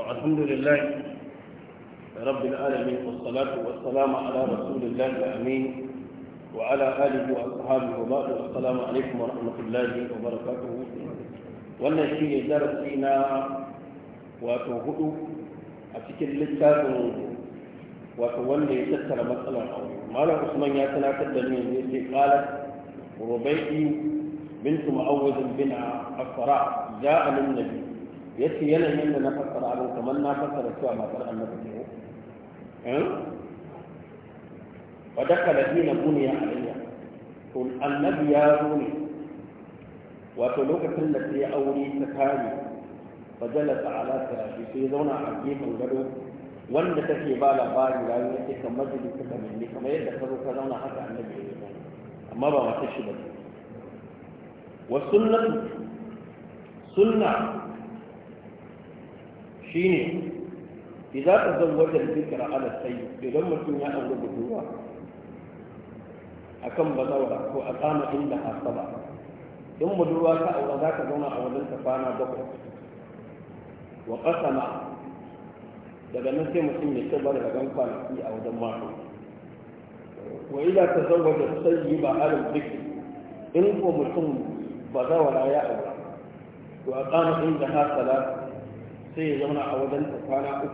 الحمد لله رب العالمين والصلاة والسلام على رسول الله الأمين وعلى آله وأصحابه وبعد السلام عليكم ورحمة الله وبركاته darasi na wato a cikin littafin wanda ya tattara matsalar aure malam usman ya tunatar da ni afara ya ce yanayin da na fassara abin kamar na fassara cewa matar annabi ce wa daka da dina buniya alayya to annabi ya zo ne wato lokacin da ta yi aure ta kare fajalasa ala firashi sai zauna a gefen gado wanda take ba labari rayuwa ce kan majalisa da mai kamar yadda ka zo ka zauna haka annabi ya zo amma ba matar shi ba wa sunnatu sunna shine idan ka zan wata zikira ala sai idan mutum ya aure A akan bazawara ko a tsama inda hasaba in budurwa ta aure za ka zauna a wajen ta kwana bakwai wa kasama daga nan sai mutum ya ce bari ragan kwanaki a wajen mako wa ila ta wajen sai ba alal zikri in ko mutum bazawara ya aure to a tsama inda hasala sai ya zauna a wajen ta kwana uku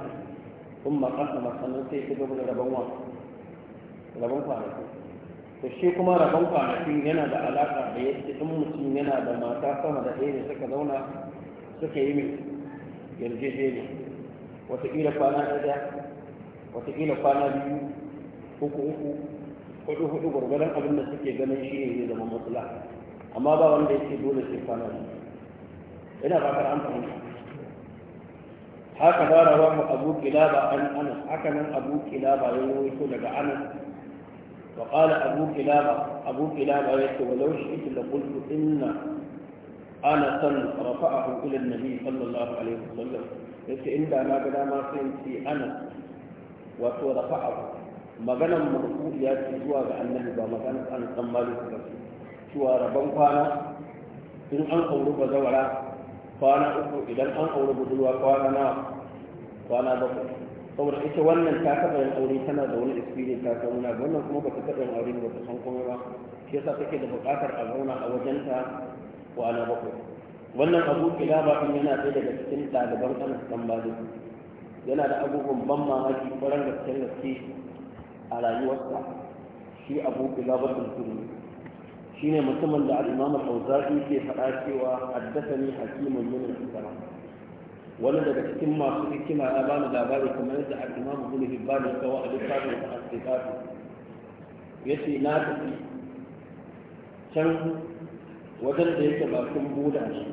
kun makasa masannin sai ya gaba da rabon wa rabon kwanaki to shi kuma rabon kwanakin yana da alaƙa da yadda in mutum yana da mata sama da ɗaya ne suka zauna suka yi mai yarjejeniya wataƙila kwana ɗaya wataƙila kwana biyu uku uku hudu hudu gwargwadon abin da suke ganin shi ne zai zama matsala amma ba wanda yake dole sai kwana biyu yana ba ka an fahimta haka da rawa mu abu kilaba an anas haka nan abu kilaba ya rawaito daga anas wa qala abu kilaba abu kilaba yake walau shi ita la qultu inna anasan rafa'ahu ila an-nabi sallallahu alaihi wasallam ce inda na ga dama sai in ce anas wato rafa'ahu maganan marfu ya ce zuwa ga annabi ba maganan an san malik ba cewa rabon kwana in an auri bazawara kwana uku idan an auri budurwa kwana na kwana bakwai saboda ita wannan ta taɓa yin aure tana da wani experience ta san wani wannan kuma ba ta taɓa yin aure ba ta san komai ba shi yasa take da buƙatar a zauna a wajenta kwana bakwai wannan abu ba in yana ɗaya daga cikin ɗaliban anas dan malik yana da abubuwan ban mamaki ƙwarar gaske gaske a rayuwarsa shi abu kilaba kulkuri shine mutumin da al-imam al-awza'i ke faɗa cewa haddathani hakimun min al-islam wani daga cikin masu hikima ya ba ni labari kamar yadda al-imamu ibn hibban ya kawo a littafin sa al ya ce na tafi can wajen da yake bakin buda shi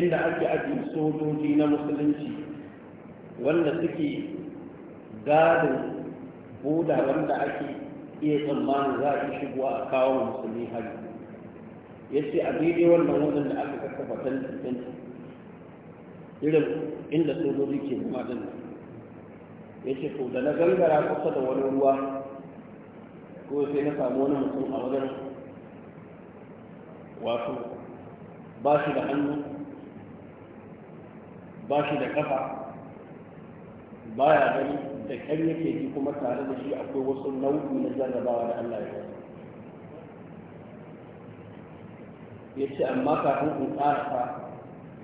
inda ake ajiye sojoji na musulunci wanda suke gadin buda wanda ake iya tsammanin za a shigowa a kawo musulmi ya ce a daidai wannan wajen da aka kakkafa tantancin irin inda sojoji ke zama ya ce to da na gangara kusa da wani ruwa ko sai na samu wani mutum a wajen wato ba shi da hannu ba shi da kafa ba ya gani da ƙyan yake ji kuma tare da shi akwai wasu nau'i na jarrabawa da Allah ya wasu ya ce amma kafin in ƙarasa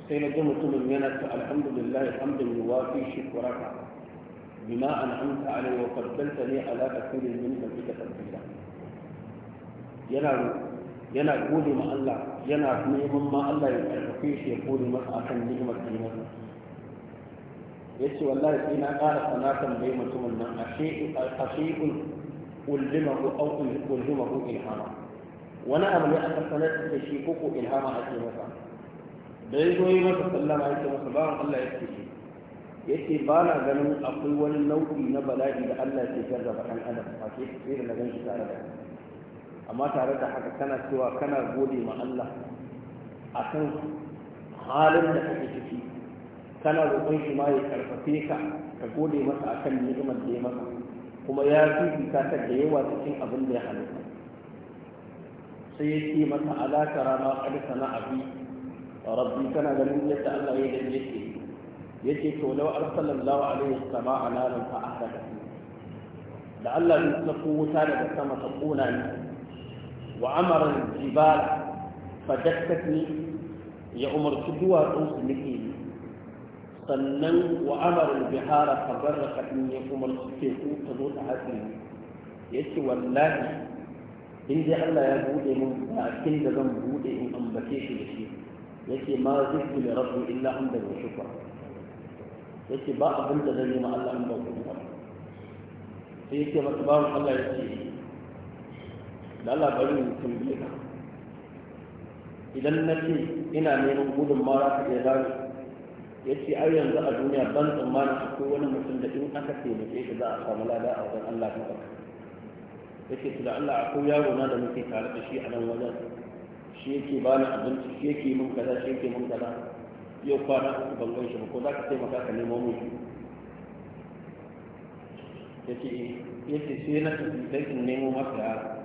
sai na ji mutumin yana ta alhamdulillah hamdan yuwafi shukraka bima an'amta alai wa qaddalta ni ala kathirin min khalqika tabdila yana yana gode ma Allah yana neman ma Allah ya karfafe shi ya gode masa akan ni'imar da ya yace wallahi sai na ƙara sanatan bai mutumin nan ashe ashe'ul ullimahu aw ulhimahu ilhama wani abu ne aka sanar da shi ko ilhama ake masa da ya zo yi masa sallama yake masa ba Allah ya ce yake ba na ganin akwai wani nau'i na bala'i da Allah ke ba ɗan adam a ke sai da na shi tare da amma tare da haka kana cewa kana gode ma Allah a kan halin da kake ciki kana roƙon shi ma ya karfafe ka ka gode masa akan ni'imar da ya maka kuma ya ka ta da yawa cikin abin da ya halitta sai ya ce masa alakara a qad sana'a bi rabbi kana ganin yadda Allah ya gani yake yake to law arsalallahu alaihi samaa naran fa ahlaka da Allah ya sako wuta daga sama ta kona ni wa amara jibal fa ya umarci duwatsu su nake ni sannan wa amara bihara fa barraqatni ya umarci teku ta zo ta hatsi yace wallahi in dai Allah ya buɗe mun bakin da zan buɗe in ambace shi da shi yake ma zikru li rabbi illa hamdan wa shukra yake ba abin da zan yi ma Allah in ba ku ba sai yake masa bawan Allah ya ce da Allah bari mu tambaye ka idan na ce ina neman gudun mara ka iya zaru ya ce ai yanzu a duniya ban tsammani akwai wani mutum da in aka taimake shi za a samu lada a wajen Allah ta ya ce da Allah akwai yaro na da muke tare da shi a nan wajen shi yake ba ni abinci shi yake mun kaza shi yake mun kaza yau kwana uku ban gan shi ba ko za ka taimaka ka nemo mun shi Ya ce eh. sai na tafi dan nemo maka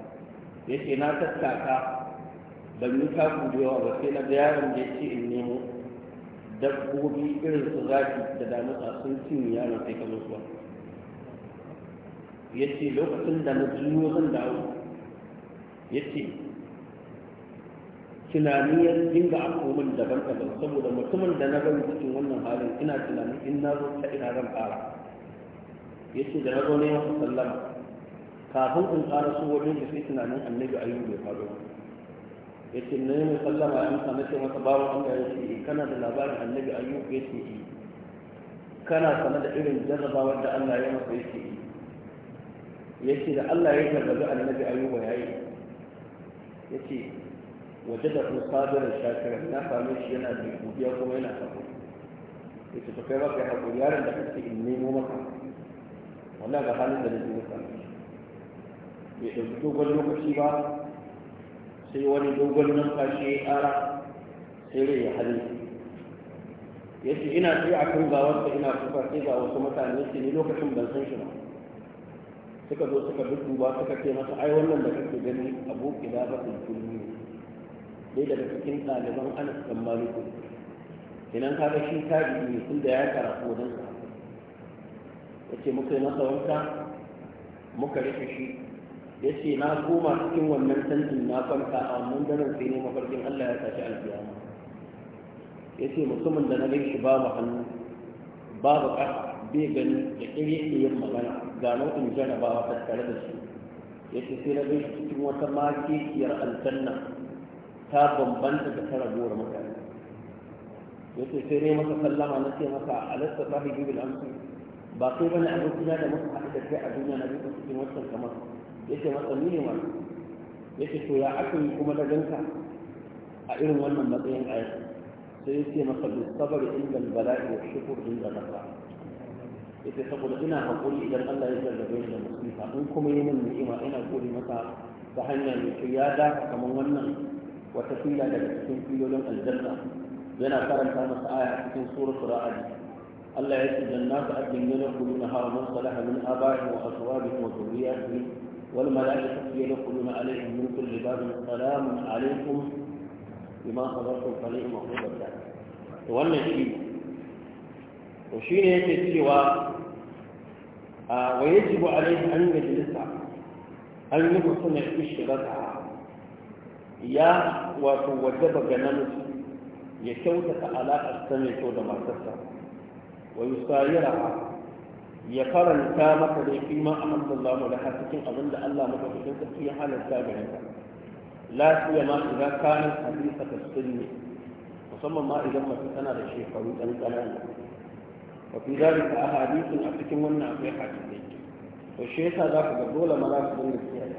ce na tattaka ban yi taku da yawa ba sai na ga yaron da ce in nemo dabbobi irin su zafi, da a sun cinye yaron sai ka Ya ce lokacin da na juyo zan dawo Ya ce. tunani ya dinga akomin daban-daban saboda mutumin da na zan cikin wannan halin ina tunanin in na zo ta ina zan fara ya ce da na zo ne ya sallama kafin in tsara su wajen da sai tunanin annabi ayyuka bai faru ya ce na yi mai sallama ya amsa na ce masa babu an ya ce eh, kana da labarin annabi yi ya ce eh. kana sana da irin jarrabawar da Allah ya masa ya ce eh. ya ce da Allah ya jarrabi annabi a ya yi ya ce وجده صابرا شاكرا لا فامش ينا بيا كما ينا كفر yace to kai ba kai hakuri yaron da kake in nemo maka wallahi ga halin da nake maka bai dauki dogon lokaci ba sai wani dogon numfashi ya ƙara sai rai ya hali ya ce ina tsaye a kan gawarsa ina kuka sai ga wasu mutane su ne lokacin ban san shi ba suka zo suka dudduba suka ce masa ai wannan da kake gani abu ila ba kulmi ne ɗaya daga cikin ɗaliban anas dan maliku idan ka shi tabi'i ne da ya karatu wajen sa ce muka yi masa wanka muka rufe shi ya ce na koma cikin wannan tantin na kwanta a wannan daren sai ne mafarkin Allah ya tashi ya ce mutumin da na gan shi babu hannu babu ƙasa bai gani da ƙirye yin magana ga nau'in jarabawa tattare da shi ce sai na gan shi cikin wata makekiyar aljanna ta bambanta da ta rabuwar mutane ya ce sai ne masa sallama na ce masa alasta ta hajji bil amsu ba sai bane abokina da masa haɗu da kai a duniya na duka cikin wancan kamar ya ce masa ni ne ma ya ce to ya aka yi kuma da ganka a irin wannan matsayin ayat sai ya ce masa bi sabar inda bala'i wa shukur inda nafa ya ce saboda ina haƙuri idan Allah ya jarrabe ni da musulma in kuma yi min ni'ima ina gode masa ta hanyar da ya dafa kamar wannan wata fila daga cikin filolin aljanna yana karanta masa aya cikin suratul ra'd Allah ya ce jannatu adnin yadkhuluna ha man salaha min aba'ihim wa azwajihim wa dhurriyyatihim wal mala'ikatu yadkhuluna alaihim min kulli babin salamun alaikum bima sabartum fa ni'ma uqbat to wannan shi to shine yake cewa wa yajibu alaihi an yajlisa an yuhsina ishtibataha ya wato wadda ga namiji ya kyautata alaƙar ta mai kyau da matarsa wa yusayira ya faranta maka da fi ma mu da har cikin abin da Allah maka cikin sarki ya halarta gare ka lafiya ma idan kana hadisa ta sunni musamman ma idan mace tana da shekaru ɗan ƙanana wa fi zalika ahadithun a cikin wannan akwai hadisai to shi yasa za ku ga dole maza su dinga kiyaye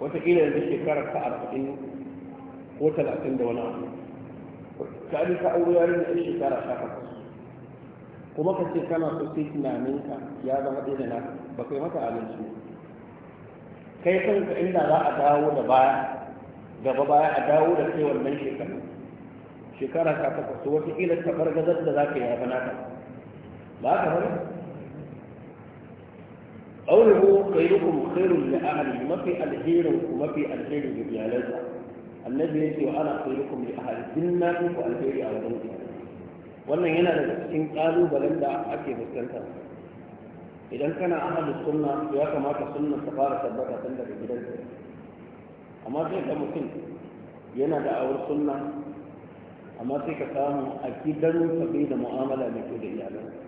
wataƙila yanzu shekarar ta arba'in ko talatin da wani abu ka ji ka aure yarin da shekara sha takwas kuma ka ce kana so sai tunaninka ya zama ɗaya da naka ba kai maka abinci kai kanka inda za a dawo da baya gaba baya a dawo da kai wannan shekaru shekara sha takwas wata kila ta gazar da za ka yi haka naka ba ka bari قوله خيركم خير لأهله ما في الخير وما في الخير لبيالته annabi ya ce wa ana khairukum li ahli alheri a wajen wannan yana daga cikin kalubalen da ake fuskanta idan kana ahli sunna ya kamata sunna ta fara tabbata tun daga gidanka amma sai ka mutum yana da awar sunna amma sai ka samu a gidansa bai da mu'amala mai kyau da iyalansa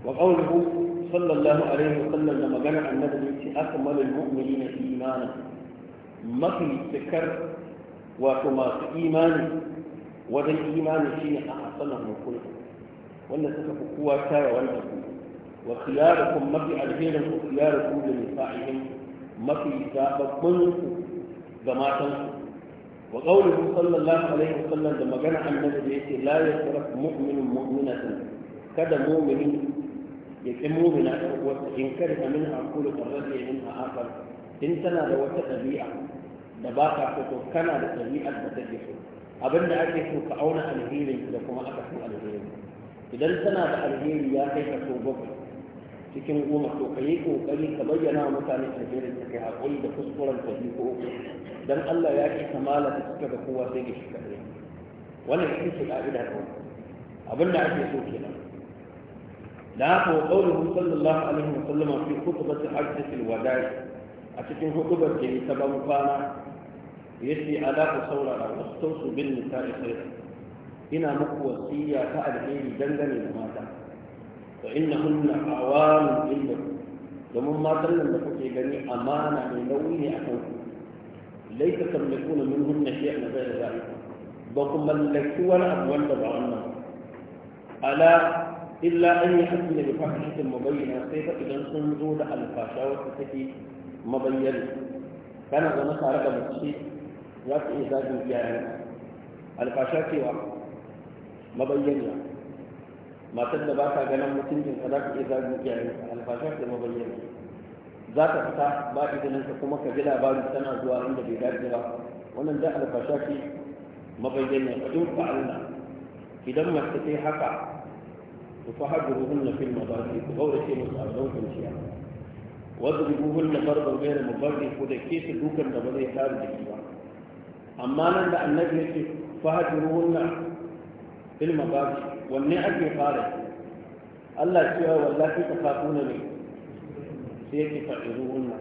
وقوله صلى الله عليه وسلم لما قال أكمل المؤمنين إيمانا mafi cikar wato masu imani wajen imani ne a hasanan hukun wanda suka fi kowa tara wannan ku wa khiyarukum mafi alherin ku khiyarukum da nisa'ihim mafi zababbun ku ga matan ku wa qawluhu sallallahu alaihi wasallam da magana annabi da yake la yasraf mu'minun mu'minatan kada muminin ya ƙi mu'mina ta uwarsa in kada min aqulu qarrati min aqal in tana da wata ɗabi'a da ba ka so kana da ɗabi'ar da take so abin ake so ka auna alherin da kuma aka so alherin idan tana da alheri ya kai ka so bakwai cikin goma to ka yi kokari ka bayyana wa mutane alherin ka kai haƙuri da kuskuren ka biyu ko uku dan Allah ya ki kamala ta cika ga kowa sai da shi kaɗai wannan shi ce ka'ida ta abin da ake so kenan da haka wa ƙaunuhu sallallahu alaihi wa sallama fi kutubatul hajjatil wada'i a cikin hudubar da ta ban kwana yace ala ku saurara wastausu bin nisa'i khairan ina muku wasiya ta alheri dangane da mata fa innahunna awanun indakum domin matan nan da kuke gani amana mai nauyi ne a akan ku laita tamlikuna minhunna shay'an ghayra zalika ba ku mallaki wani abu wanda ba wannan ala illa an yi hasu da bifahishin mabayyana sai fa idan sun zo da alfasha wacce take mabayyana kana zama tare da mace za su iya zagin iyayen alfasha cewa mabayyaniya matar da ba ta ganin mutuncin ka za ka iya zagin iyayen alfasha ce mabayyaniya za ta fita ba izinin ka kuma ka ji labarin tana zuwa inda bai dace ba wannan da alfasha ce mabayyaniya ka duk ba Allah idan mace ta yi haka ku fa hadruhunna fil madarisi ku gaurace musu abin zaukan kwanciya wadda buhun na barbar gaira mabarri ko da ke su dukan da ba zai tsari da ba amma nan da annabi yake fahajruhunna fil shi, wanne ake fara Allah cewa wallahi ka kafuna ne sai yake fa'iruhunna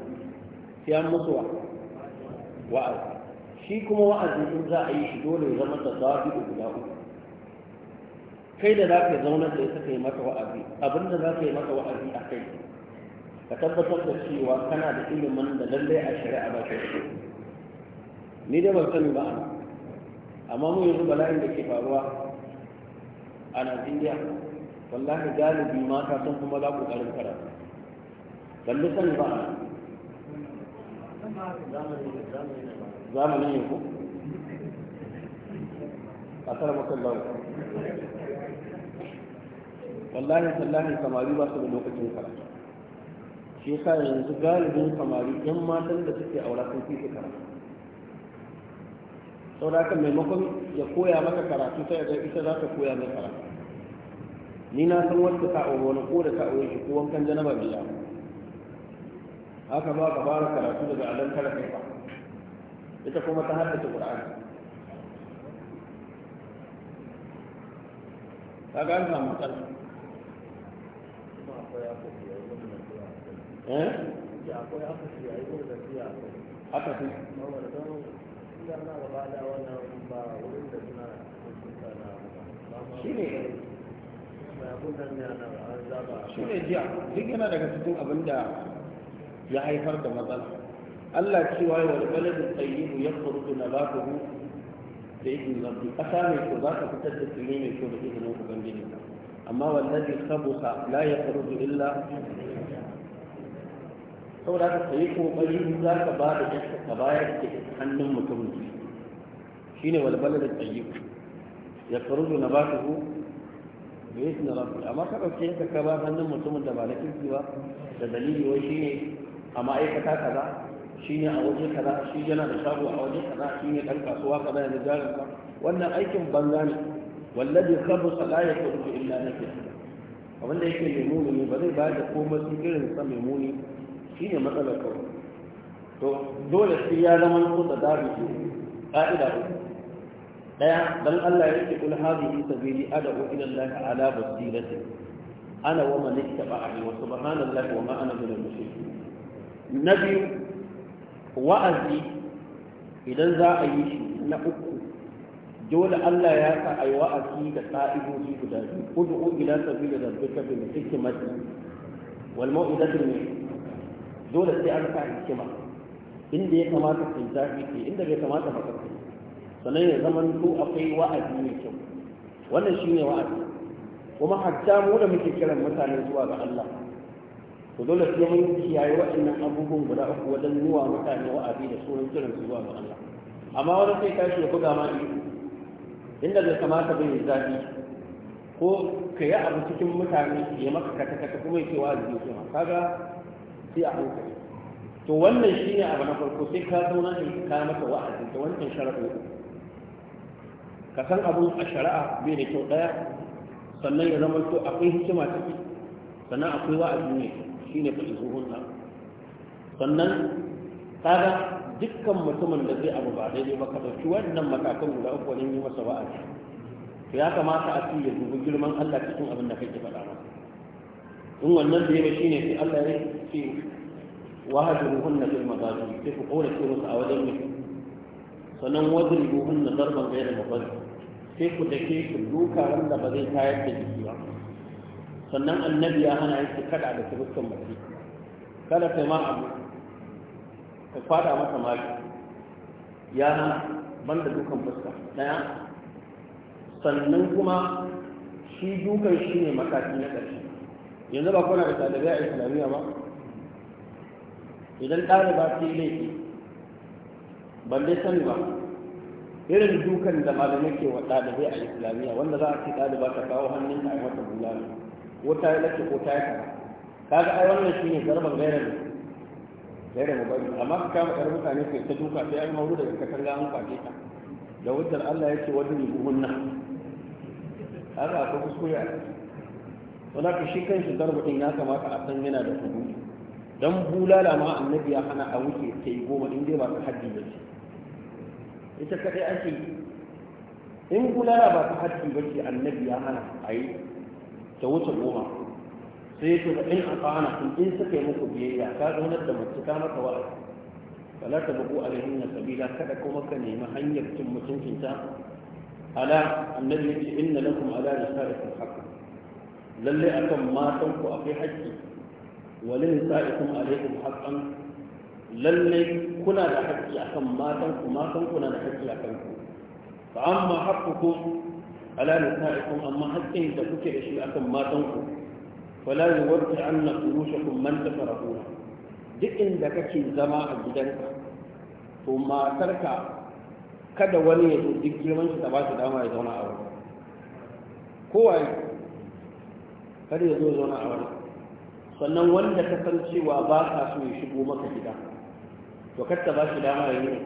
sai an musu wa wa'azi shi kuma wa'azi in za a yi shi dole ya zama da zafi da guda uku kai da za ka zauna da ya saka yi mata wa'azi abinda za ka yi mata wa'azi a kai ka tabbatar da cewa kana da ilimin da lallai a shari'a ba yi ni dai ban sani ba amma mu yanzu bala'in da ke faruwa a najeriya wallahi galibi mata sun kuma za ku ƙarin kara Ban sani ba ana zamanin yanku a tara makon wallahi sallahi samari ba su da lokacin karatu shi yasa yanzu galibin samari yan matan da suke aura sun fi su karatu sauraka maimakon ya koya maka karatu sai ga ita za ta koya mai karatu ni na san wasu ta aure wani ko da ta aure shi ko wankan janaba biya haka ba ka fara karatu daga alam kala kai ba ita kuma ta haddace qur'ani ka ga an samu tsari eh haka shi ne jiya duk yana daga cikin abin da ya haifar da matsala Allah cewa yi wani baladin tsayibu ya furu na ba ku da izin zafi ƙasa mai ko za ka fitar da tsire mai ko da izinin ubangiji amma wallazi ka la ya furu illa saboda haka ka yi kokari za ka ba da jakka ka bayar da hannun mutum shine wal da tayyib ya na farudu nabatuhu bi na rabbi amma ka dauke ka ka ba hannun mutumin da ba na kirki ba da dalili wai ne a ma'aikata kaza shi ne a waje kaza shi yana da shago a waje kaza shi ne dan kasuwa kaza yana jarin ka wannan aikin banza ne wallazi khabasa la yakunu illa nafsi abinda yake mai muni ba zai bayar da komai sun irin sa mai muni shi ne matsalar kawai to dole shi ya zama ko da zabi ce ƙa'ida ko ɗaya don Allah ya ce kul hadhihi sabili ad'u ila Allah ala basirati ana wa wasu, ba wa subhanallahi wa ma ana min al-mushrikeen nabi wa'azi idan za a yi shi na uku dole Allah ya sa a yi wa'azi da ƙa'idoji guda biyu ud'u ila sabili rabbika bil hikmati wal mau'izati dole sai an sa hikima inda ya kamata ka zafi ke inda bai kamata ba kai sannan ya zama ko akwai wa'azi mai kyau wannan shine wa'azi kuma hatta mu da muke kiran mutane zuwa ga Allah to dole sai mun kiyaye waɗannan abubuwan guda uku wajen nuwa mutane wa'azi da sunan kiran su zuwa ga Allah amma wani sai tashi ya buga ma inda bai kamata bai zafi ko ka yi abu cikin mutane ya maka kata kata kuma ya ce wa'azi ya ce kaga sai a hankali to wannan shi ne abu na farko sai ka zauna in ka maka wa'azi da wancan sharaɗin ka san abun a shari'a bai da kyau ɗaya sannan ya zama to akwai hikima ciki sannan akwai wa'azi ne shi ne faɗi zuhunna sannan kaga dukkan mutumin da zai abu ba daidai ba ka ɗauki wannan matakan guda uku wajen yi masa wa'azi to ya kamata a ya dubi girman Allah cikin abin da kake faɗa masa in wannan da yana shine sai Allah ya ce wahaduhunna fil mazaji sai ku kora ce a wajen ne sannan wadribuhunna darban ghayra mafaz sai ku dake ku duka wanda ba zai tayar da jiki ba sannan annabi ya hana yake kada da kirkan mace kada kai ma abu ka fada masa maki ya hana banda dukan fuska daya sannan kuma shi dukan shi ne mataki na ƙarshe yanzu ba kuna da ɗalibai a islamiyya ba idan ɗaliba ce laifi ban dai sani ba irin dukan da malamai ke wa ɗalibai a islamiyya wanda za a ce ɗaliba ta kawo hannun ta a mata bulala ko ta yi lake ko ta yi kara kaga ai wannan shi ne zarban gairar gairar mu bari amma ka kama ɗan mutane ke ta duka sai an mauru daga katanga an kwace ta da wajen Allah ya ce wajen yi buhunna haka akwai kuskure a ciki wanda ka shi kanshi darbin ya kamata a san yana da hudu Don bulala ma annabi ya hana a wuce ta yi goma in dai ba ta haddi ba ce ita kadai ake in bulala ba ta haddi ba ce annabi ya hana a yi ta wuce goma sai ce da in afana in in suka yi muku biyayya ka zaunar da mace ka maka wa'azi fala ta bugu a alaihin na sabila kada kuma ka nemi hanyar cin mutuncinta ala annabi ya ce inna lakum ala risalatin haqqan Lallai akan matan ku akwai haƙƙi walin sa'ikum alaikum haqqan lalle kuna da haƙƙi akan matan ku matan ku na da haƙƙi akan ku fa amma haqqukum ala nisaikum amma haƙƙin da kuke da shi akan matan ku fala yuwarti anna furushakum man tafarahuna duk inda kake zama a gidanka to matarka kada wani ya zo duk girman shi ta ba shi dama ya zauna a wurin kowa kada ya zo zauna a wani sannan wanda ka san cewa ba ka so ya shigo maka gida to kar ta ba shi dama ya yi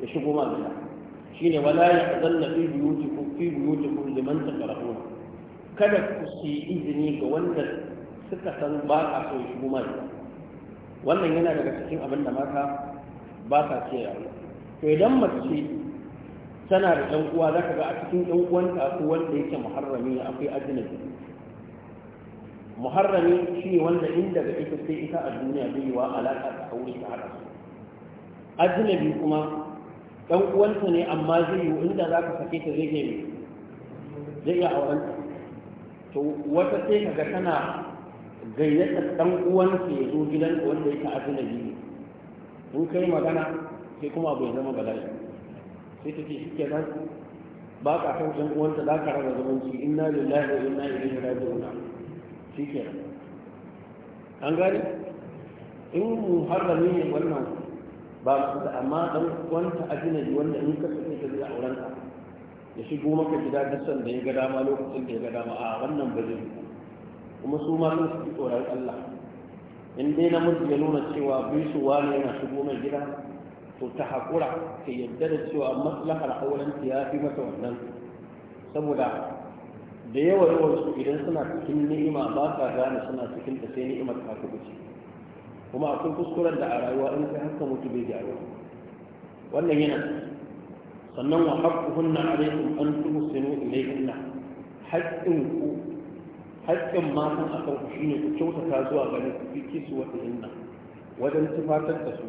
ya shigo ma gida shi ne wala ya zanna fi buyutikum fi buyutikum liman takrahuna kada ku yi izini ga wanda suka san ba ka so ya shigo ma gida wannan yana daga cikin abin da mata ba sa ce yaro to idan mace tana da ɗan uwa za ka ga a cikin ɗan uwanta ko wanda yake muharrami akwai ajnabi muharrami shi wanda inda ga ita sai ita a duniya bai yi wa alaƙa da aure ta haɗa su ajnabi kuma ɗan uwanta ne amma zai yi inda za ka sake ta zai yi zai iya aurenta to wata sai kaga tana gayyata ɗan uwansa ya zo gidan wanda yake ajnabi ne in kai magana sai kuma abu ya zama bala'i sai ta ce shi ke ba ka san ɗan uwanta za ka raba zumunci inna lillahi wa inna ilaihi raji'un shi an gani in muharrami ne wannan ba su da amma dan wanta ajinabi wanda in ka sake ka zai auren ka ya shigo maka gida duk da ya ga dama lokacin da ya ga dama a wannan ba zai kuma su ma sun fi tsoron Allah in dai namiji ya nuna cewa bisuwa ne yana shigo mai gida to ta haƙura ka yadda da cewa maslahar auren ta ya fi masa wannan saboda da yawa yawan su idan suna cikin ni'ima ba ka gane suna cikin ta sai ni'imar ta ta wuce kuma akwai kuskuren da a rayuwa in kai haka mutu bai gyaru wannan yana sannan wa haqquhunna alaykum an tuhsinu ilayhinna haqqin ku haqqin matan akan ku shine ku kyautata zuwa gare ku fi wata wa ilinna wajen tufatar da su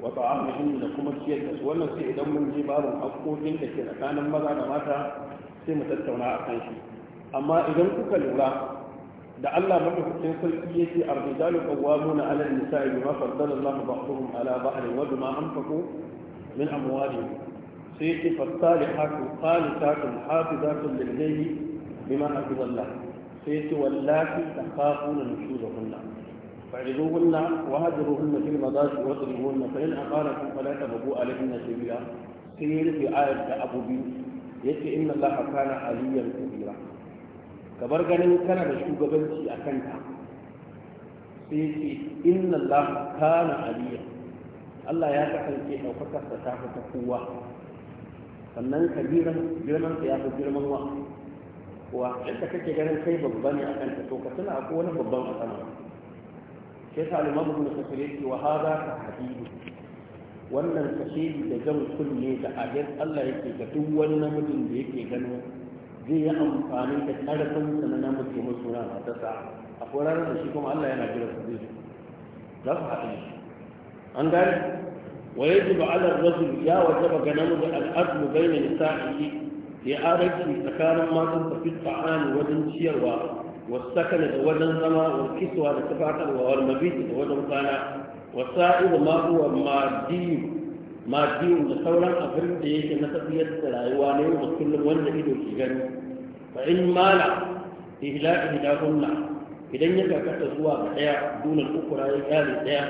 wa ta'amuhin da kuma ciyar da su wannan sai idan mun je babu haƙƙoƙin da ke tsakanin maza da mata sai mu tattauna a kan shi amma idan kuka lura da Allah madaukakin sarki yake ar-rijalu qawwamuna 'ala an-nisa'i bima faddala a ba'dahum 'ala ba'd wa bima anfaqu min amwalihim sai yake fasalihatu qanitatun hafizatun lil bima hafiza Allah sai yake wallati takhafuna nushuzahunna فعذوهن وهجروهن في المضاجع واضربوهن فإن أقالكم فلا تبغوا عليهن سبيلا سير في آية أبو بيوسف يأتي إن الله كان عليا كبيرا kamar ganin kana da shugabanci a kanta. sai ce inna Allah kana aliya Allah ya kasance ɗaukakarsa ta fi ta kowa sannan kabiran girman ya fi girman wa wa yadda kake ganin kai babba ne a kanta to ka tuna akwai wani babban a sama sai sa limamu ibn kasir yake wa haza ka hadidu wannan kashedi da jan kunne da abin Allah yake ga duk wani namijin da yake gano. zai yi amfani da ƙarfin sa na namiji musu na matarsa a ranar da shi kuma Allah yana jira su zai su za su haɗu shi an gane wa yaji ba ala rasul ya wajaba ga namiji al'adu bayna nisa'i ya aranci tsakanin masu ta fi ta'ani wajen ciyarwa والسكن وزن da والكسوة لتفاقا da وزن kana والسائر ما هو مادي biyun da sauran abin da yake na tafiyar da rayuwa na yau da kullum wanda ido ke gani fa in mala ihla da hunna idan ya karkata zuwa ga daya dunan ukura ya kare daya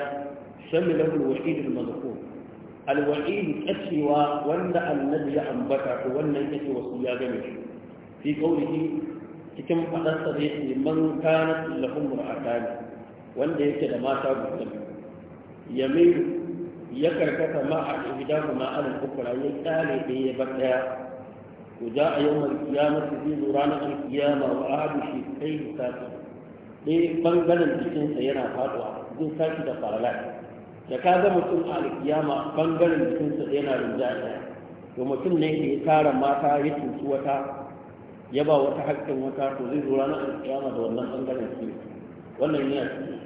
shamila al wahid al mazkur al wahid kacewa wanda annabi ya ambata ko wannan yake wasu ya game shi fi qawlihi cikin fadarsa da yake man kanat lahum ra'atan wanda yake da mata guda yamilu ya karkata ma a ihda ma alal kukura ya tsale ɗin ya ba ɗaya ko za a yau mai kiyama su zai zo ranar alkiyama wa ahadu shi kai sati ɗaya ɓangaren jikinsa yana faɗuwa zai saki da farala da ka ga mutum a alkiyama ɓangaren jikinsa yana rinjaya to mutum ne ya tara mata ya cuci wata ya ba wata haƙƙin wata to zai zo ranar alkiyama da wannan ɓangaren su wannan yana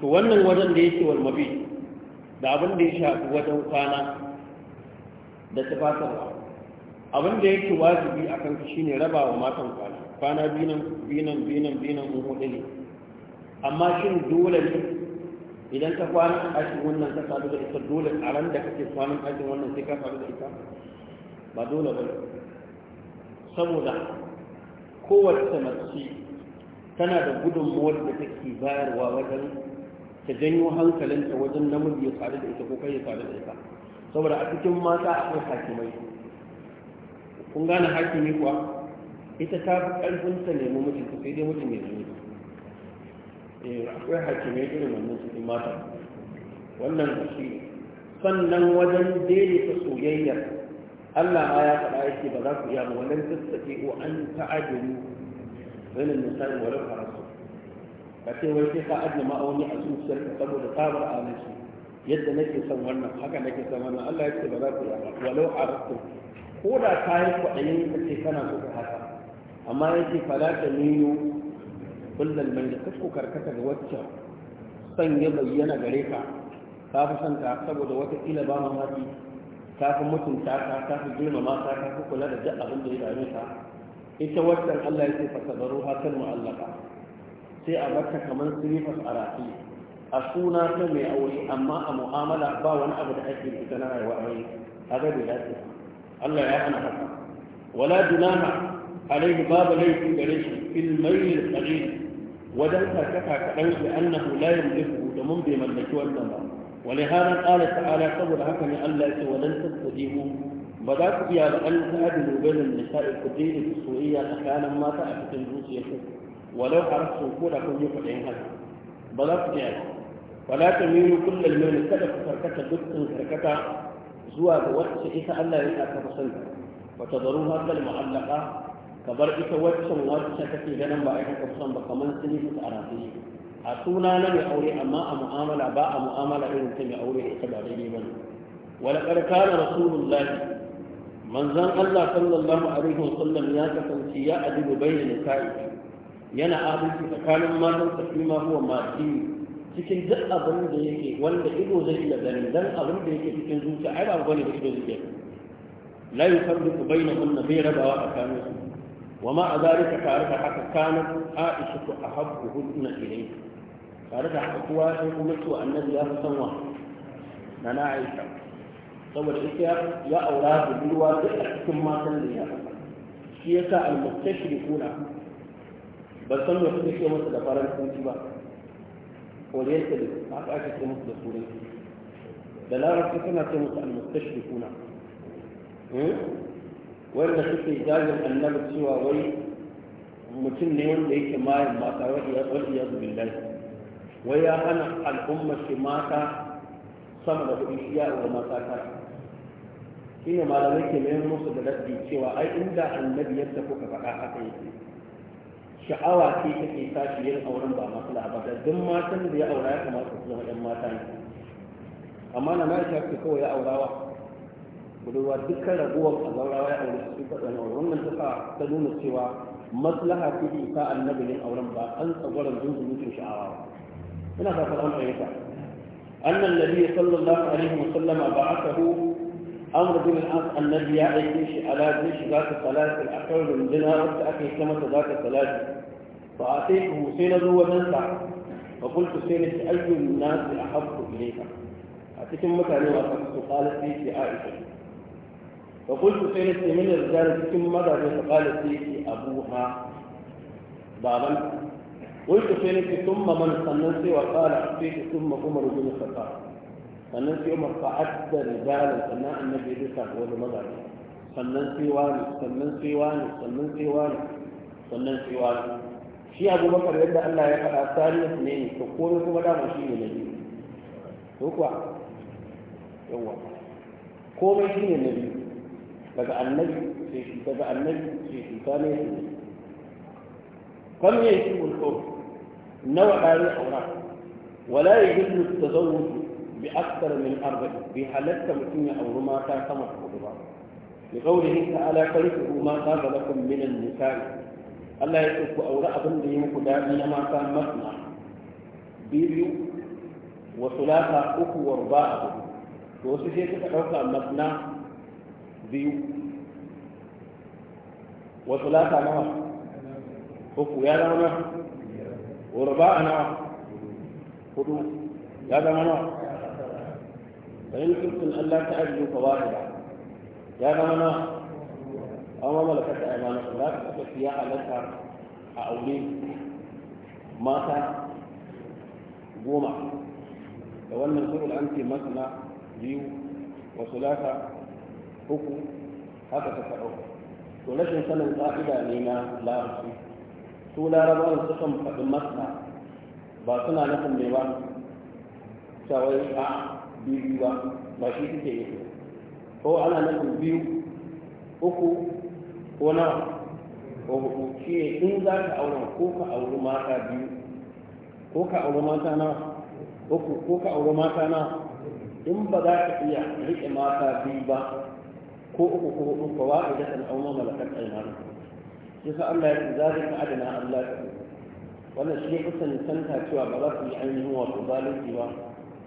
to wannan wajen da yake walmabi da abin da ya shafi wajen kwana da tufatarwa abin da yake wajibi a kanka shine raba wa matan kwana kwana binan binan binan binan in hudu ne amma shin dole ne idan ta kwana ashin wannan ta sadu da ita dole a ran da kake kwanan ajin wannan sai ka sadu da ita ba dole ba saboda kowace mace tana da gudunmuwar da take bayarwa wajen Ka janyo hankalinta wajen namiji ya sadu da ita ko kai ya sadu da ita saboda a cikin mata akwai hakimai kun gane hakimi kuwa ita ta fi ƙarfin ta nemi mijinta sai dai mutum ya zuwa eh akwai hakimai irin wannan cikin mata wannan shi sannan wajen daidaita soyayyar Allah ma ya faɗa yake ba za ku iya ba wannan tattake ko an ta'adilu bayan nisa'i wa rafa'a ka ce wai sai ka ajiye ma'auni a zuciyar ka saboda ta tsabar aminci yadda nake son wannan haka nake son wannan Allah ya ce ba za ku yi ba walau rasu. ko da ka yi kwaɗayin ka ce kana so ka haka amma ya yake fala ta niyo kullum mai da kasko karkata ga waccan son ya bayyana gare ka ka fi son ka saboda watakila ba mafi ka fi mutunta ka ka fi girmama ka ka fi kula da duk abin da ya dame ka ita waccan Allah ya ce fasabaru hakan mu'allaka sai a barka kamar sunifas a rafi a suna ta mai aure amma a mu'amala ba wani abu da ake fita na rayuwa a yi a ga da yace Allah ya hana haka wala dunana alaihi babu laifi gare shi fil mayl qalil wadan ka kaka ka dan shi annahu la yamliku da bai mallaki wannan ba Wani hana qala ta'ala saboda haka ne Allah ya ce wadan tasdihu ba za ku iya da an ta'adu ga nan ne sai ku dinga soyayya tsakanin mata a cikin zuciyarku walau harasu ko da kun yi kwaɗayin haka ba za ku kiyaye wala ta miru kullal mai kada ku karkata dukkan karkata zuwa ga wacce ita Allah ya saka fa santa wa tadaru hadal mu'allaqa kabar ita waccan wacce kake ganin ba aika kusan ba kaman sinifu ta a suna na mai aure amma a mu'amala ba a mu'amala irin ta mai aure ita ba daidai ba ne rasulullahi manzan Allah sallallahu alaihi wasallam ya kasance ya adibu bayyana yana abinci tsakanin mazan tafi ma masu yi cikin duk abin da yake wanda ido zai iya ganin dan abin da yake cikin zuciya ai ba ku gani da ido zai gani la yufarriqu bainahum na bai rabawa a kanin su a zalika tare da haka kanin aisha ku ahabbu hudna ilayhi tare da haka kuwa sai kuma su annabi ya san wa na aisha saboda ita ya aura da duwa duk a cikin matan da ya shi yasa al-mustashriquna Ba san me suke ce musu da faransanci ba oriental haka ake ce musu da turanci da larabci suna ce musu almustashriquna hmm? wanda suke jajin annabi cewa wai mutum ne wanda yake mayan mata wani ya zubin lafi wai ya hana al'ummar shi mata sama da kuɗi iya wa mata tara shi ne malamai ke mayar musu da raddi cewa ai inda annabi yadda kuka faɗa haka yake sha'awa ce take tashi yin auren ba matsala ba da duk matan da ya aura ya kamata su zama ɗan mata ne amma na ma'aikata ce kawai ya aurawa budurwa dukkan raguwar a zaurawa ya aure su kaɗan aure wannan ta sa ta nuna cewa maslaha ce ke sa annabi yin auren ba an tsagwaron zunzurutun sha'awa ina sa faɗa wannan yasa annan nabi sallallahu alaihi wa sallama ba'athahu amr bin al-as annabi ya aike shi ala zai shiga ta salatul akhir min dinar ta ake kama ta zaka salati fa ataytuhu sai nazo wajen sa fa qultu sai nace ayyu an-nas ahabbu ilayka a cikin mutane wa kafa su qala sai ce aisha sai nace min ar-rijal cikin mazaje fa qala sai ce abuha baban qultu sai nace thumma sannan sai wa sai ce umar bin khattab sannan sai umar fa hadda rijal sannan annabi ya sa wani mazaje sannan sai wani sannan sai wani sannan sai wani sannan sai wani shi abubakar yadda Allah ya faɗa sariyar ne to komai kuma dama shi ne na biyu to kuwa yawa komai shi ne na biyu daga annabi sai shi daga annabi sai shi ta ne su kam ya yi shi nawa ɗari aura wala ya yi ta zaune bi aktar min arba'i bi halatta mutum ya auri mata sama da hudu ba لقوله تعالى فانكحوا ما طاب لكم من النساء الله يقول لك أبن ديمك دا إنما كان مصنع بيريو وثلاثة أخو ورباء أبن لك شيء تتحوك مصنع بيو وثلاثة نوع أخو يالا نوع ورباء نوع لك يالا نوع فإن كنت أن لا تعجل فواهدا يالا نوع an wa malakar da aimanaka za ka taɓa siya halatta a aure mata goma da wannan surul an ce masana biyu wasu lata uku haka ta faɗo to rashin sanin ƙa'ida ne na larabci su larabawan sukan faɗi masana ba suna nufin mai ba shawai a biyu ba ba shi suke yi ko ana nufin biyu uku ko na ko hudu shi ne in za ka aure ko ka auri mata biyu ko ka auri mata na uku ko ka auri mata na in ba za ka iya riƙe mata biyu ba ko uku ko hudu ko wa da san auma malakar aimanu shi sa Allah ya ce zalika adana Allah ta wannan shi ne kusan santa cewa ba za su yi ainihin wato zalunci ba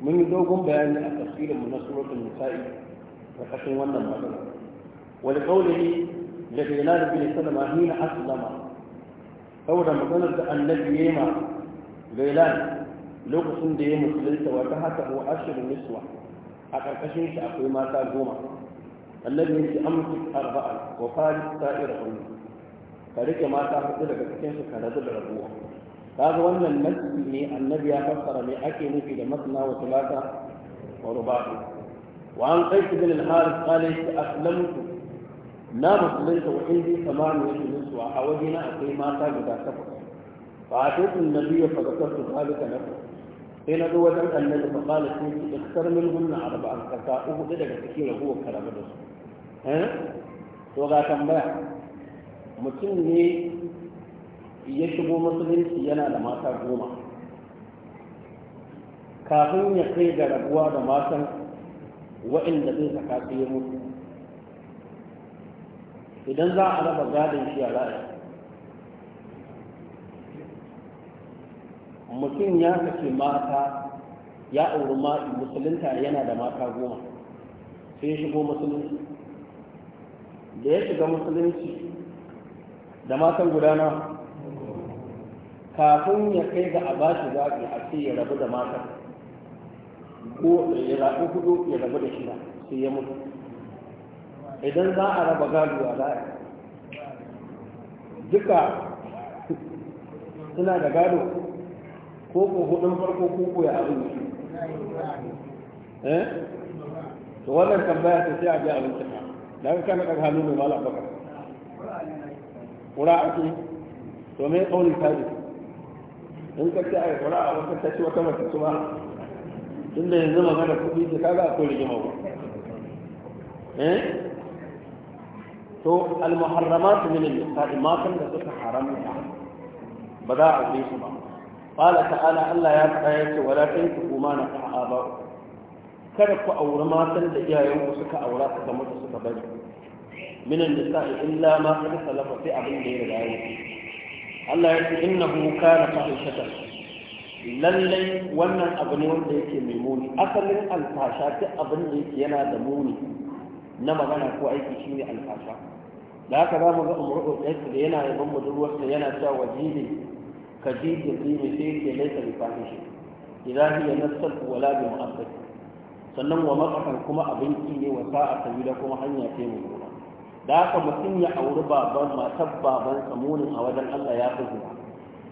mun yi dogon bayani a tafsirin mu na suratul nisa'i a kashin wannan magana wal qawlihi daga yana bin salama hina aslama saboda maganar da annabi ya yi ma. gailan lokacin da ya musulunta wata haka ko ashirin niswa a ƙarƙashin shi akwai mata goma annabi ya ce amsu arba'a wa faris sa'ira hunna ka rike mata hudu daga cikin su ka rabu da rabuwa kaga wannan nasi ne annabi ya fassara me ake nufi da masna wa talata wa ruba'i wa an qais bin al-harith qala aslamtu na musulun ta wajen zai sama mu yake musu a waje na akwai mata guda takwas Ba a tekun na biyu faga kasu zalika na ku sai na zo wajen annabi da kala sai su iskar min hunna arba an kasa uku daga cikin raguwar karamar da su eh? to ga tambaya mutum ne ya shigo musulunci yana da mata goma kafin ya kai ga raguwa da matan wa'inda zai saka tsaye mutum idan za a raba gadon shi a ra'ayi mutum ya kace mata ya auri musulunta yana da mata goma sai ya shigo musulunci da ya shiga musulunci da matan gudana kafin ya kai ga a bashi zaɓi a ce ya rabu da matan ko ya rabu hudu ya rabu da shida sai ya mutu idan za a raba gado a za duka suna da gado ko ko hudun farko ko ko ya abin eh to wannan tambaya ta sai a ji abin ta da aka kana daga hannu mai malam baka ƙura ake to me ta tabi in ka ce a yi ƙura a wata ta ci wata mace kuma tunda yanzu magana kuɗi ce kaga akwai rigima ba eh to al-muharramat min al-nisa'i matan da suka haramta ba za a su ba qala ta'ala Allah ya faɗa ce wala tankihu kuma na ta'aba kada ku aure matan da iyayenku suka aura suka mutu suka bari min al-nisa'i illa ma qad salafa fi abin da ya riga ya Allah ya ce innahu kana fahishatan lallai wannan abu ne wanda yake mai muni asalin alfasha ta abin da yake yana da muni na magana ko aiki shine alfasha da haka za mu ga umru da yana yaban budurwarsa yana cewa wajibin kajid da zini sai ke laisa bi fahishi idan hiya nafsal wala bi mu'abbad sannan wa maqatan kuma abinci ne wa sa'a sabila kuma hanya ta yi nuna da haka mutum ya auri baban matar baban samunin a wajen Allah ya fi zuwa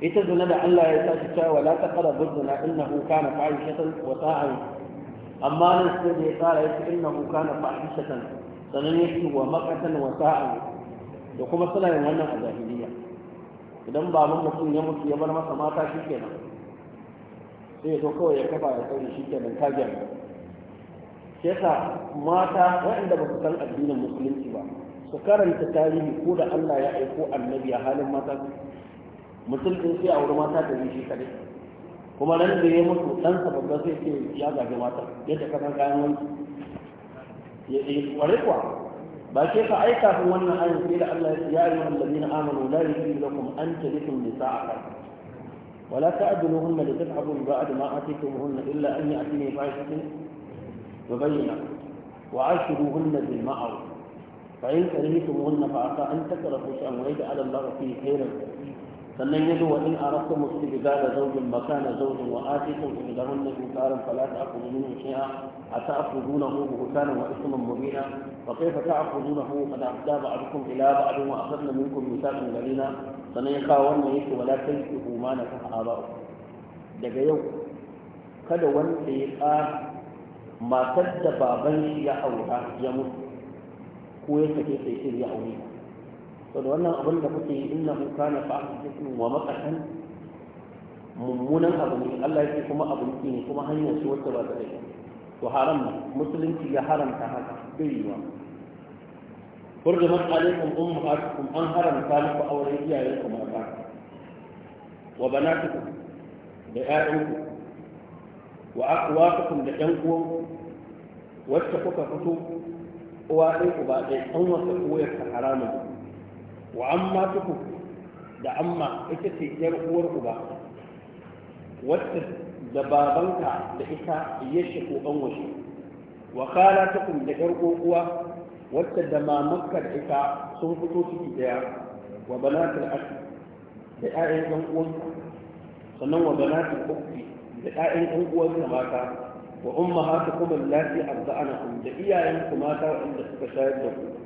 ita zina da Allah ya sa ta cewa la taqrabu na innahu kana fahishatan wa sa'an amma nan sai da ya tsara ya fi inna kuka na fahishatan sanan ya wa makatan wa sa'an da kuma suna yin wannan a idan mun mutum ya mutu ya bar masa mata shi kenan sai ya kawai ya kafa ya sauri shi kenan ta gyara shi yasa mata waɗanda ba su san addinin musulunci ba su karanta tarihi ko da Allah ya aiko annabi a halin mata mutum ɗin sai a wuri mata da shi kadai kuma ran da ya mutu dan sa babba ce ya zage mata yadda ka san kayan wani ya yi kware kuwa ba ke ka aika kafin wannan ayin sai da Allah ya yi wa allazina amanu la yuhillu lakum an ba nisaa ولا تعدلوهن لتذهبوا بعد ما اتيتموهن الا ان ياتيني فاحشه مبينه وعاشروهن بالمعروف فإن كرهتموهن فعسى أن تكرهوا شيئا ويجعل الله fi خيرا sannan yazo wa in arafta mustibdala zawjin makana zawjin wa atikum ihdahunna inkaran fala ta'khudhu minhu shay'a ata'khudhunahu buhtanan wa ithman mubina wa kayfa ta'khudhunahu qad afda ba'dukum ila ba'd wa akhadna minkum gari na, sannan ya kawo wannan yake wala tankihu ma nakaha ba. daga yau kada wanda ya ƙara matar da baban shi ya aura ya mutu ko ya sake sai ya aure to wannan abin da kuke yi inna hu kana fa ismun wa maqatan mummunan abu ne Allah yake kuma abu ne kuma hanyar su wacce ba ta da to haram musulunci ya haramta haka bai yi wa da عليكم wa أن حرم ذلك أولي إياكم أباكم وبناتكم لآئكم وأقواتكم لأنكم ba فكتوا An بعدين أن ta haramun. wa amma tuku da amma ita ce yar uwar uba wata da babanka da ita ya shigo an washe wa kala tuku da yar uwa wacce da mamakka ita sun fito ciki daya wa banatul akhi da ƴaƴan ɗan uwanka sannan wa banatul ukhti da ƴaƴan ɗan uwanka mata wa ummahatukum allati arda'anakum da iyayenku mata wanda suka shayar da ku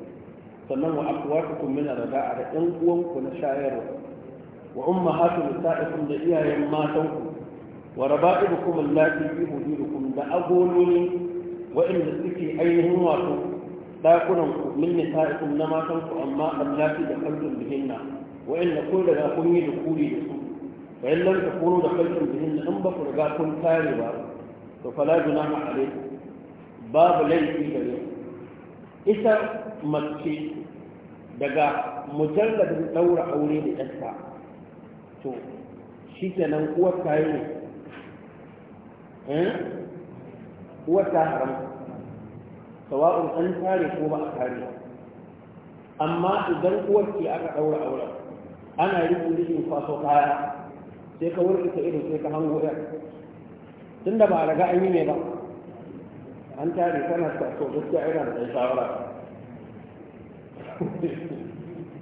sannan wa akwatukum min ar-rida'a da ɗan uwanku na shayarwa wa ummahatu nisa'ikum da iyayen matanku wa raba'ibukum allati fi hujurukum da agololi wa'inda suke ainihin wato dakunan ku min nisa'ikum na matanku amma allati da kalbin bihinna wa'inda kun riga kun yi da dukuri da su wa in lam takunu da kalbin bihinna in ba ku riga kun tare ba to fala junaha alaykum babu laifi gare ku ita mace daga mujalladin daura aure da yarsa to shi kenan uwar ta yi ne eh? uwar ta haram sawa'un an tare ko ba a tare amma idan uwar ke aka daura auren ana rikin rikin kwaso kaya sai ka wurin ta irin sai ka hango yar tun da ba a raga an yi mai ba أنت هذه يعني سنة تأخذ وتبدأ هنا بالإشارات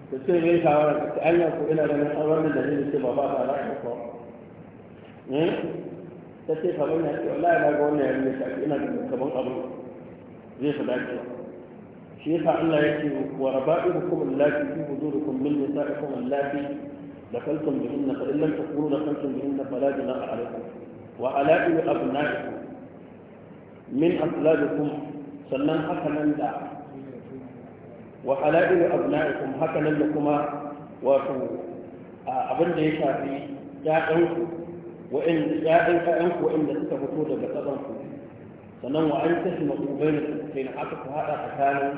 تصير بالإشارات تتعلم وإلى لما تحضر من الذين يكتبوا بابا لا يحفظ تصير خبرنا لا لا قولنا يا ابن سعد إنا كمان قبل زيخ الأكل شيخ الله يكتب وربائكم اللاتي في بدوركم من نسائكم اللاتي دخلتم بهن فإن لم تقولوا دخلتم بهن فلا جناح عليكم وعلائم أبنائكم min aslabikum sannan haka nan da wa halailu abna'ikum haka nan da kuma wato abin da ya shafi ya'yanku wa'in ya'yan ƴaƴanku wa'inda suka fito daga ƙasan ku sannan wa an tashi maƙubai da suke na aka ku haɗa tsakanin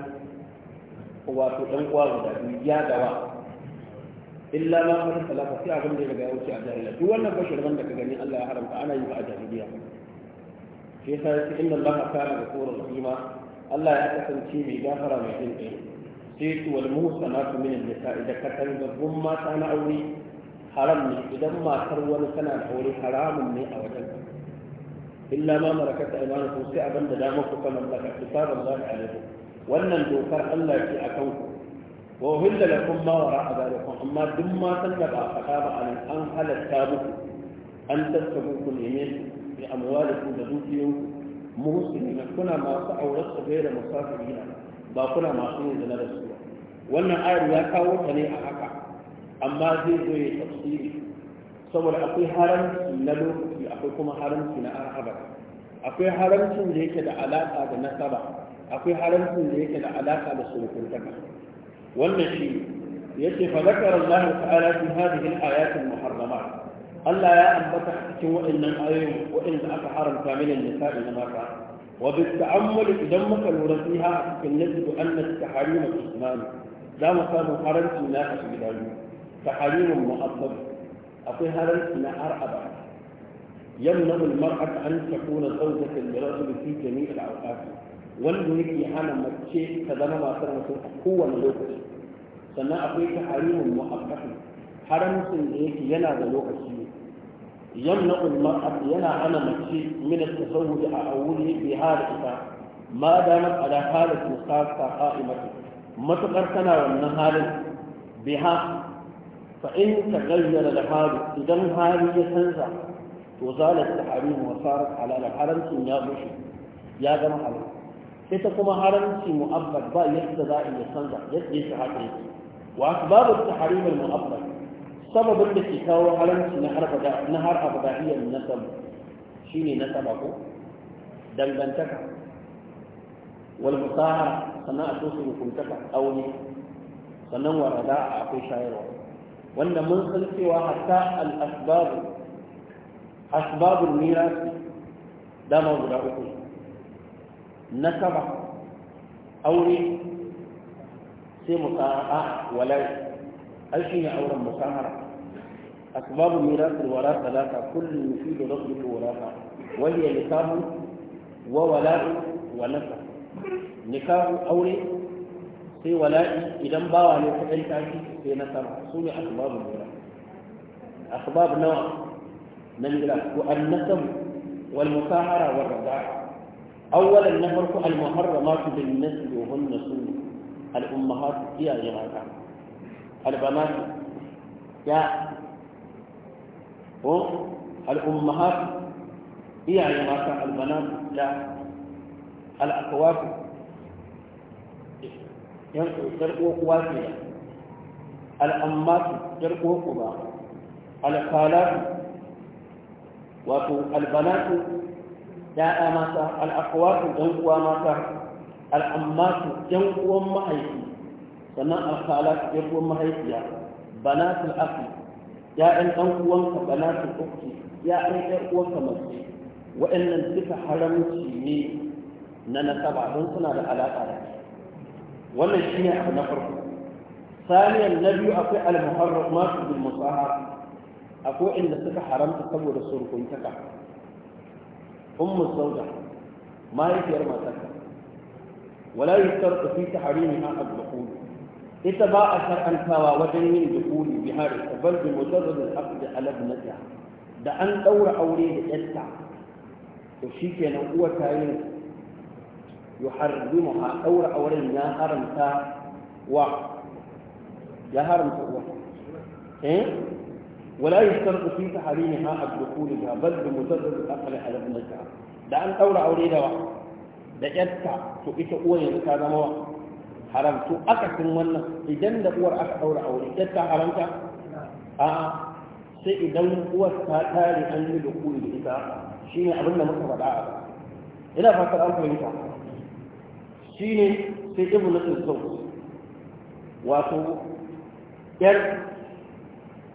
wato ɗan uwa guda biyu ya dawa illa ma kan salafa sai abin da ya riga ya wuce a jahiliya duk wannan bashirin da ka gani Allah ya haramta ana yi ba a jahiliya shi yasa yace inna allaha kana ghafurur rahima Allah ya kasance mai gafara mai jin kai sai wal muhsanatu min an-nisa'i da katangabbun mata na aure haram ne idan matar wani tana da aure haramun ne a wajen illa ma marakata imanukum sai abin da damar ku kamar da kitaban Allah alaihi wannan dokar Allah ce akan ku wa uhilla lakum ma wara'a zalikum amma duk matan da ba a faɗa ba an halatta muku an tattabu ku neme su bi amwalikum da dukiyoyinku muhsinina kuna masu aurarsa gaira musafirina ba kuna masu yin da na rasuwa. wannan ayar ya kawo ta ne a haka amma zai zo ya tafsiri saboda akwai haramci na lokaci akwai kuma haramci na arhaba akwai haramcin da yake da alaƙa da nasaba akwai haramcin da yake da alaƙa da surukuntaka wannan shi yace fa zakara Allah ta'ala fi hadhihi al-ayat al-muharramat Allah ya ambata cikin waɗannan ayoyin waɗanda aka haramta minan nisa'i na mata wa bi ta'ammul idan muka lura fiha a cikin nasu anna taharima islam za mu samu haramci na a cikin dalu taharimun mu'assab akwai haramci na ar'aba yamna al mar'at an takuna zawjatan li rajul fi jami' al awqat wanda yake hana mace ta zama matar mutum a kowane lokaci sannan akwai taharimun mu'assab haramcin da yake yana da lokaci يمنع المرأة ينا أنا نفسي من التزوج أوله بهذا ما دامت على حالة مخافة قائمة متقر سنة والنهار بها فإن تغير الحال إذا الحال يتنزع وزالت التحريم وصارت على الحرم يا بشي يا جماعة ita kuma haramci mu'abbad ba yadda za a iya canza yadda yake haka yake wa asbabut tahrim al mu'abbad sababin da ke kawo haramci na har na har abadahiyar nasab shine nasaba ko dangantaka wal musahara sannan a tosu hukuntaka aure sannan wa warada akwai shayarwa wanda mun san cewa hatta al asbabu asbabul miras dama guda uku nasaba aure sai musa'a walai ai shine auren musahara أسباب ميراث الوراء ثلاثة كل يفيد رفض وراءها وهي نكاح وولاء ونسب نكاح أولي sai wala'i idan bawa ne kuɗin tashi sai na sama su ne asbabu mira asbab nawa na mira ko annasab wal musahara wal radaa awwalan na farko al muharramatu mata ya ko al'ummahat iyaye mata albanan da al'akawafi yan tsarko kuwa ke da al'ammatu tsarko kuwa alkalatu wato albanatu ya'ya mata al'akawafi ɗan uwa mata al'ammatu ɗan uwan mahaifi sannan alkalatu ɗan uwan mahaifiya banatul akli ya'yan ɗan uwanka banatu ukti ya'yan ɗan uwanka mace waɗannan duka haramci ne na nasaba don suna da alaƙa da wannan shine abu na farko akwai النبي أقوى المحرمات بالمصاهرة أقوى إن تك حرمت تبور السرق تك أم الزوجة ما يكير ما تك ولا يشترط في تحريمها الدخول إذا ما أثر أن كوا وجن من دخول بهار بل بمجرد الأقد على ابنتها ده أن دور أوليه يتع وشيك نقوة كائن يحرمها دور أوليه يا هرمتا و يا هرمتا و إيه؟ ولا يشترط في تحريمها الدخول بها بل بمجرد الأقد على ابنتها ده أن دور أوليه يتع ده يتع تقيت أوليه يتع haram to akasin wannan idan da uwar aka daura aure ita ta haramta a sai idan uwar ta tare an yi da kuri da ita shine abin da muka faɗa a ina fatar an fahimta shine sai ibnu tsau wato yar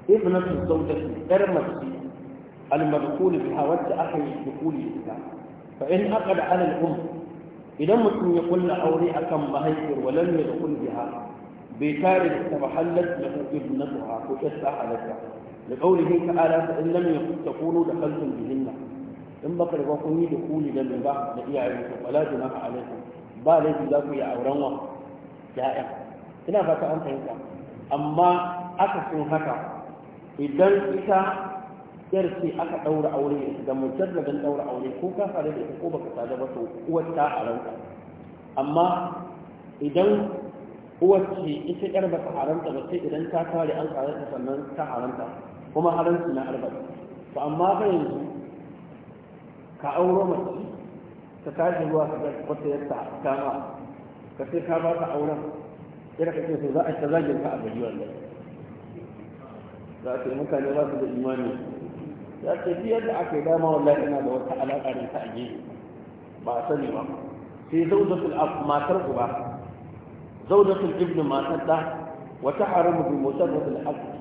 ابنة الزوجة ارمت المدخول بها ودأها الدخول بها فإن أقل على الأم idan mutum ya kulla aure a kan mahaifiyar walan ya kun biha bai tare da ta mahallar da hukun na tuha ko ta Da halatta da kaulihi ta'ala ta, in lam yakun takunu da khalqun bihinna in baka riga kun yi da kuli da ba da iyayen ku wala junaha alaikum ba laifi za ku yi auren wa ya'ya ina fata an fahimta amma aka sun haka idan ita yar ce aka ɗaura aure da mujarradan ɗaura aure ko ka fara da ko baka sadu ba to uwar ta haranta amma idan uwar ce ita yar ba ta haranta ba sai idan ta kare an karanta sannan ta haranta kuma haranci na arba to amma fa yanzu ka auro mace ka tashi zuwa ka ga kwata yadda ta ma ka sai ka ba ta auren ira ka ce so za a ta zagin ka a gari da. za a ce mutane ba su da imani ya ce ji yadda aka yi dama wallahi ina da wata alaƙa da ta aje ba a sani ba sai zaudatul matar uba zaudatul ibnu matar da wata haramu bi mujarradul aqd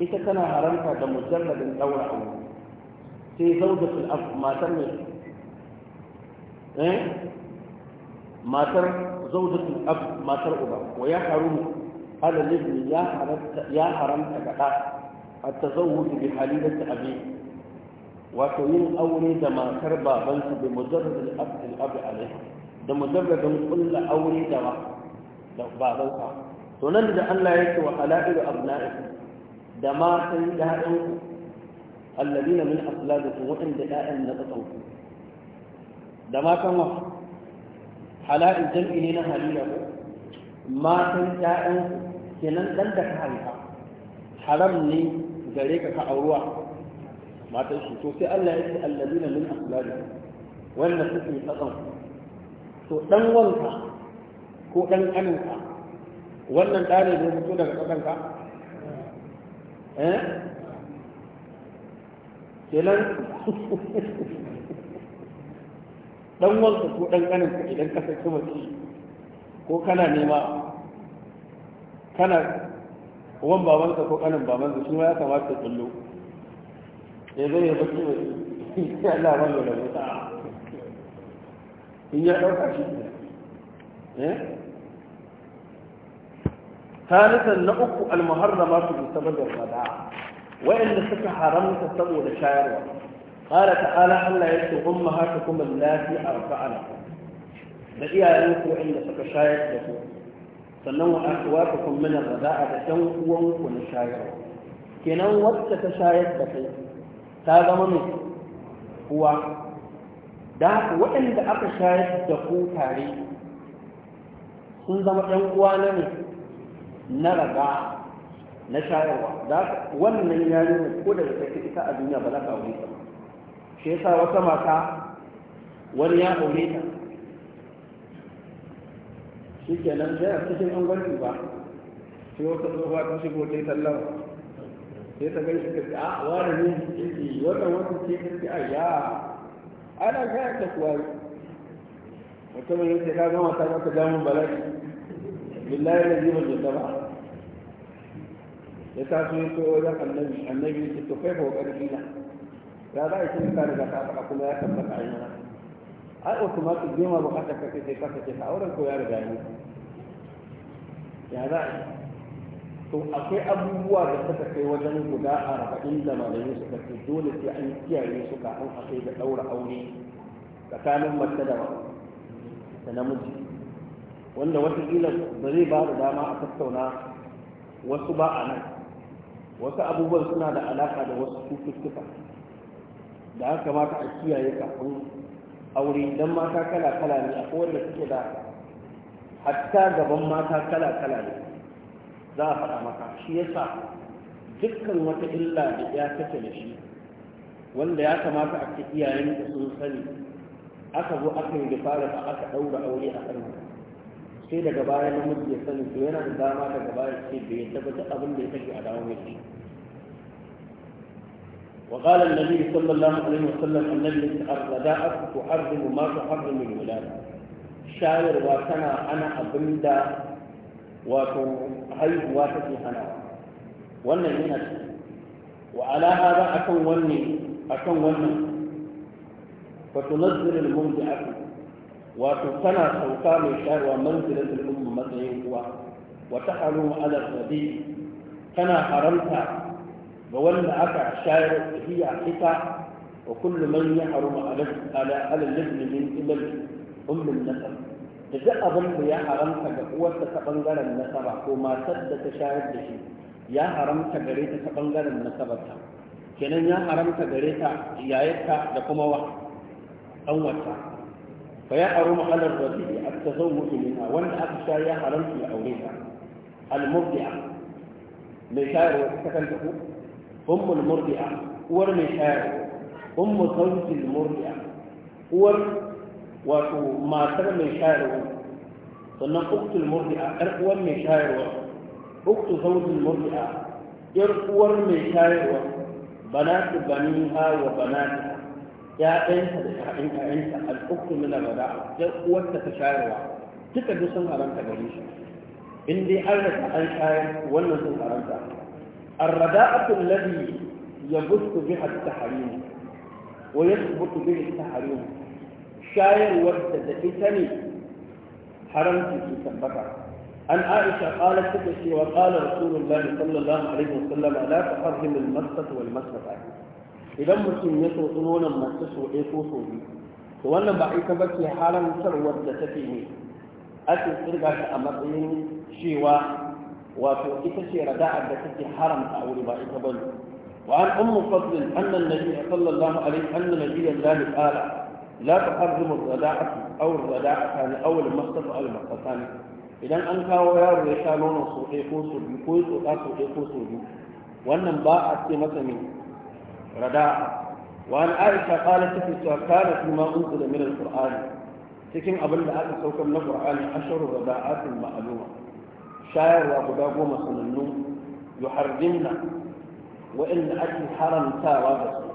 ita tana haramta da mujarradin daura aure sai zaudatul matar ne eh matar zaudatul ab matar uba wa ya haramu ala libni ya haramta ya haramta ga da التزوج بحليلة أبيه wato yin aure da matar babansa bai mujarrar al'abu alai da mujarrarin kulla aure da babansa to nan da Allah yake wa ala'iru abna'i da matan ɗaɗan ku allabi na min asila da su waɗanda ɗaɗan na ƙasan ku da matan wa ala'in jam'i ne na halila ku matan ɗaɗan ku kenan ɗan da ka haifa haram ne gare ka ka auruwa matan shi to sai Allah ya ce alladina min aslali wanda suke tsakan to dan wanka ko dan kaninka wannan da ne zai fito daga tsakanka eh kenan dan wanka ko dan kaninka idan ka saki mace ko kana nema kana uwan babansa ko kanin babansa shi ma ya kamata ya tsallo ya zai ya baki mai Allah ban da mutu in ya ɗauka shi eh ثالثا نقف المحرمات بسبب الرداء وإن سك حرمت سبب شاعر قال تعالى الله يسوع أمهاتكم التي أرفعنكم da iyayenku inda suka shayar da su sannan wa akhwatukum min ar-rida'a da dan uwanku na shayarwa kenan wacce ta shayar da kai ta zama ne uwa da waɗanda aka shayar da ku tare sun zama ɗan uwa na ne na raga na shayarwa da wannan ya ko da ta ita a duniya ba za ka wuce shi yasa wata mata wani ya aure ta shi ke nan sai a cikin an gwanci ba sai wata tsohuwa ta shigo ta yi sallama sai ta gani ta ce a wani ne shi ke wata wata ce ta ce a ya ana kaya ta kuwa yi mutumin yake ka gama ta maka damun bala'i billahi da jiban da ba ya taso ya so wajen annabi annabi ya ce to kai ba wa ƙarfi na ya za a yi cikin ka riga ta faɗa kuma ya tabbata a yi mana ai automatic goma bukatar kake sai kasa ce ta auren ko ya riga ne ya za to akwai abubuwa da suka kai wajen guda a arba'in da malamai suka ce dole sai an kiyaye su kafin a kai da daura aure tsakanin mace da da namiji wanda watakila ba zai ba da dama a tattauna wasu ba a nan wasu abubuwan suna da alaƙa da wasu cututtuka da haka kamata a kiyaye kafin aure dan mata kala kala ne a kowane suke da hatta gaban mata kala kala ne za a faɗa maka shi ya sa, dukkan wata illa da ya take da shi wanda ya kamata a ce iyayen da sun sani aka zo aka yi dafara aka ɗaura aure a kan sai daga baya namiji ya sani to yana da dama daga baya ce bai tabbata abin da ya take a dawo mai shi وقال النبي صلى الله عليه وسلم النبي الرداء تحرم ما تحرم الولادة شاعر واتنا انا ابندا واتو هاي واتتي انا وانا هنا وعلى هذا اكون وني اكون وني فتنزل المرجعة وتتنا سوكا من شاعر ومنزلة الأم مدعي وتحرم على الرديء كان حرمتها بولى أكع شاعر هي حكا وكل من يحرم على على على الابن من إمل أم النسب إذا أظن يا حرم تقوى تتبنغر النسب وما سد تشاهد به يا حرم تقري تتبنغر النسب كنا يا حرم تقري تيايتا لكم وحد أو وحد فيا حرم على الرجل التزوج منها وان أكشا يا حرم في أوليها المبدعة مشاعر تتبنغر ummul murdi'a uwar mai shayar ummu zawjil murdi'a uwar wato matar mai shayarwa sannan uktul murdi'a yar uwar mai shayarwa uktu zawjil murdi'a yar uwar mai shayarwa banatu baniha wa banatu ya'yanta da ya'yan ƴaƴanta al'uktu min al-bada'a yar uwarta ta shayarwa duka duk shi dai an an shayar wannan sun الرداءة الذي يبث بها التحريم ويثبت به التحريم شاير وابتدأتني حرمت في سبكة عن عائشة قالت تكشي وقال رسول الله صلى الله عليه وسلم لا تحرم المسة والمسة إذا مسلم يتوطنون المسة ويتوطنون to wannan ba ita ba ce haramtarwar da take ne ake tsirga shi a matsayin cewa wato ita ce rada'ar da take haramta a wuri ba ita bane wa an ummu fadl anna nabi sallallahu alaihi anna nabiyyan zali qala la tuharrimu ar aw ar-rada'atan aw al-mastaf al-mastafan idan an kawo yaro ya sha nono so ɗaya ko so biyu ko ya tsotsa so ɗaya ko so biyu wannan ba a ce masa ne rada'a وعن عائشة قالت في كانت لما أنزل cikin abin da aka saukar na القرآن عشر رضاعات معلومة shayarwa guda goma sanannu yuharrimna wa'inda ake haramtawa da su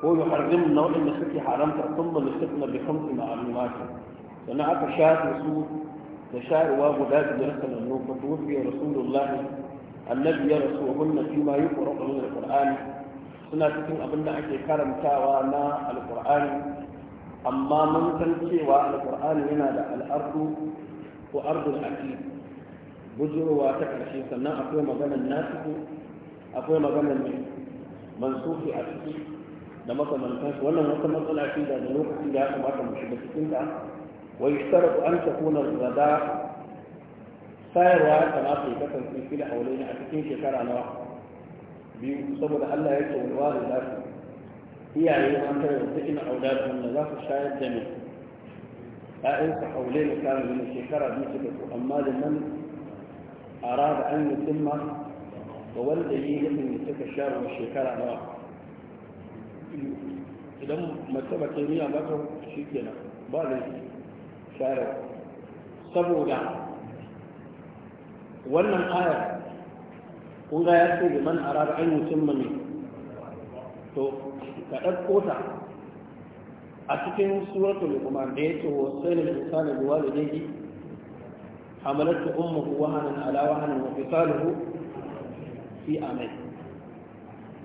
ko yuharrimna wa'inda suke haramta sun malusitna bi hamsi ma'alumati sannan aka shafe su da shayarwa guda biyar sanannu fa tuwfiya rasulullahi annabi ya rasu wa hunna fi ma yuqra'u min alqur'ani suna cikin abin da ake karantawa na alqur'ani amma mun san cewa alqur'ani yana da al'ardu ko ardul aqid bujurowa ta karshe sannan akwai maganar nasiku akwai maganar mai mansufi a ciki da makamantansu wannan wata matsala ce da lokacin da ya kamata mu shiga cikin ta wa yushtaratu an takuna gada sayarwa kamata ya kasance fil haulaini a cikin shekara nawa biyu saboda Allah ya ce wal walidatu iyaye an tare da cikin auladun da za su shayar da mai أئنس حولين كان من الشكرة بمسكة أمال من أراد أن يتم وولده من يتك الشارع والشكرة نوع إذا مرتبة كيمية مدر شكرة بالي شارع سبو لا ولن آية قولا يأتي لمن أراد أن يتم تو كأب قوتا a cikin suratul luqman da yake da insana biwalidayhi hamalatu ummuhu wahanan ala wahanan wa fisaluhu fi amai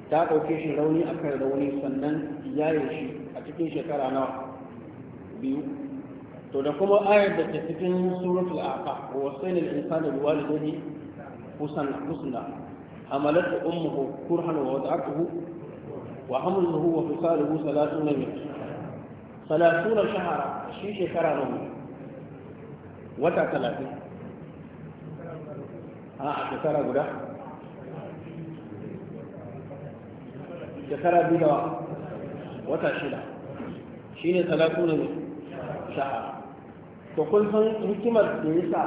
ta ɗauke shi rauni akan rauni sannan yaye shi a cikin shekara nawa biyu to da kuma ayar da ke cikin suratul a'raf wa wasailul insana biwalidayhi husna husna hamalatu ummuhu kurhan wa wada'atuhu wa hamluhu wa fisaluhu salatun min salatuna shahara shi shekara nawa wata talatin a shekara guda shekara biyu da wata shida shi ne salatuna shahara to kun san hikimar da ya sa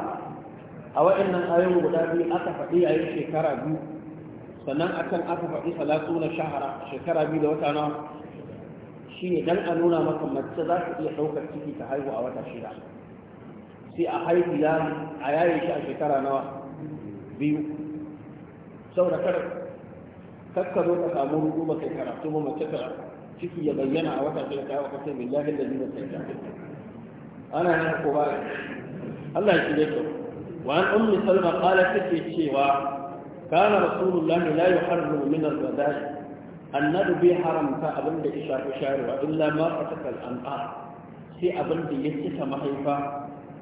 a waɗannan ayoyin guda biyu aka faɗi a shekara biyu sannan akan aka faɗi salatuna shahara shekara biyu da wata nawa shi ne dan a nuna maka mace za ta iya ɗaukar ciki ta haihu a wata shida sai a haihu ya a yaye shi a shekara nawa biyu saboda kar kakka zo ka samu rubu ba kai karatu ba mace ta ciki ya bayyana a wata shida ta haihu kasai billahi da zuwa sai ta ana nan ko ba Allah ya shirye ta wa an ummi salma qalat take cewa kana rasulullahi la yuharrimu min ar-rada'i annabi bai haramta abin da ya shafi shayarwa illa ma an an'a sai abin da ya cika mahaifa